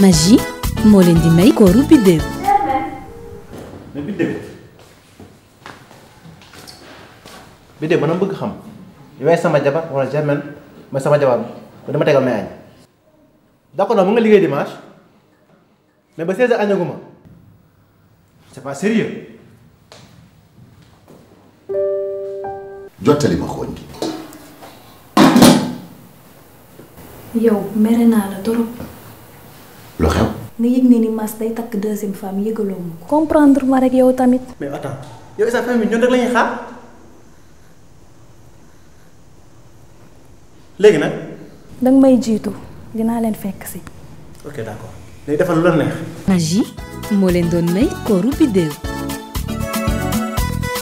magie moo leen di may kooru biddéew mais biddéew biddéew man bëgg xam sa sama jabar wala Germaine ma sama jabar ba dama tegal may añ d'accord nag mu nga liggéey dimanche mais ba 16h añaguma c'est pas sérieux jottali ma xooñ gi yow mere naa la torop lu xew. nga yëg ni ni Mass day takk deuxième femme yëgaloo ma comprendre ma rek yow tamit. mais attends yow sa famille ñun rek la ñuy xaar léegi nag. danga may jiitu dinaa leen fekk si. ok d'accord léegi defal lu la neex. Maggi moo leen doon may kooru biddéew.